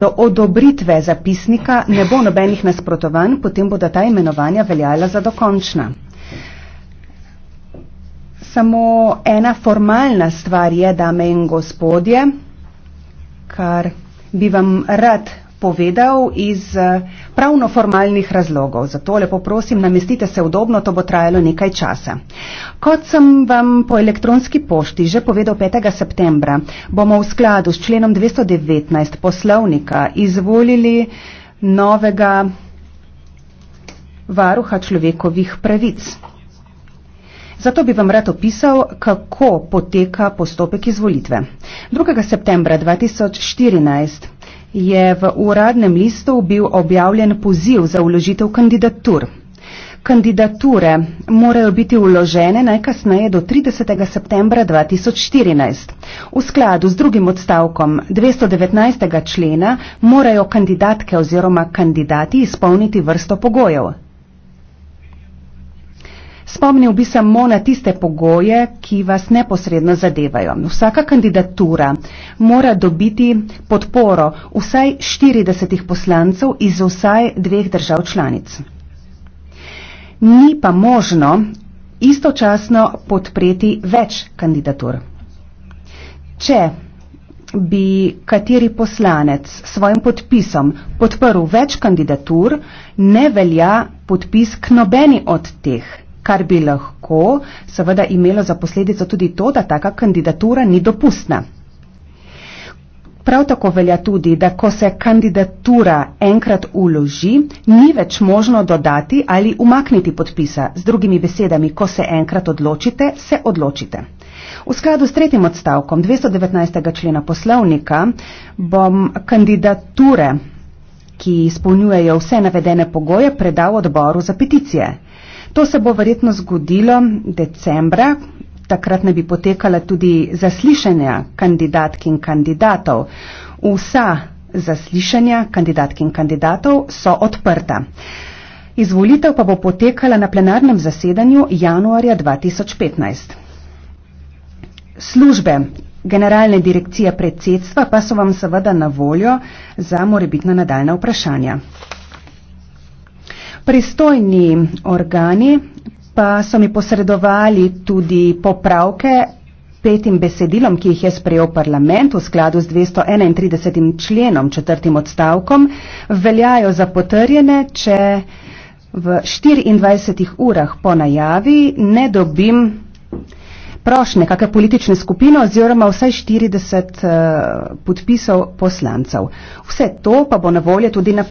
Do odobritve zapisnika ne bo nobenih nasprotovanj, potem bodo ta imenovanja veljala za dokončna. Samo ena formalna stvar je, dame in gospodje, kar bi vam rad odpovedal iz eh, pravno-formalnih razlogov. Zato lepo prosim, namestite se udobno, to bo trajalo nekaj časa. Kot sem vam po elektronski pošti že povedal 5. septembra, bomo v skladu s členom 219 poslovnika izvolili novega varuha človekovih pravic. Zato bi vam rad opisal, kako poteka postopek izvolitve. 2. septembra 2014 je v uradnem listu bil objavljen poziv za uložitev kandidatur. Kandidature morajo biti uložene najkasneje do 30. septembra 2014. V skladu z drugim odstavkom 219. člena morajo kandidatke oziroma kandidati izpolniti vrsto pogojev. Spomnil bi samo na tiste pogoje, ki vas neposredno zadevajo. Vsaka kandidatura mora dobiti podporo vsaj 40 poslancev iz vsaj dveh držav članic. Ni pa možno istočasno podpreti več kandidatur. Če bi kateri poslanec s svojim podpisom podprl več kandidatur, ne velja podpis k nobeni od teh, kar bi lahko seveda imelo za posledico tudi to, da taka kandidatura ni dopustna. Prav tako velja tudi, da ko se kandidatura enkrat uloži, ni več možno dodati ali umakniti podpisa. Z drugimi besedami, ko se enkrat odločite, se odločite. V skladu s tretjim odstavkom 219. člena poslovnika bom kandidature, ki izpolnjujejo vse navedene pogoje, predal odboru za peticije. To se bo verjetno zgodilo decembra, takrat ne bi potekala tudi zaslišanja kandidatk in kandidatov. Vsa zaslišanja kandidatk in kandidatov so odprta. Izvolitev pa bo potekala na plenarnem zasedanju januarja 2015. Službe generalne direkcije predsedstva pa so vam seveda na voljo za morebitna nadaljna vprašanja. Pristojni organi pa so mi posredovali tudi popravke petim besedilom, ki jih je sprejel parlament v skladu z 231. členom četrtim odstavkom, veljajo za potrjene, če v 24 urah po najavi ne dobim prošnje kakšne politične skupine oziroma vsaj 40 uh, eh, podpisov poslancev. Vse to pa bo na volje tudi na.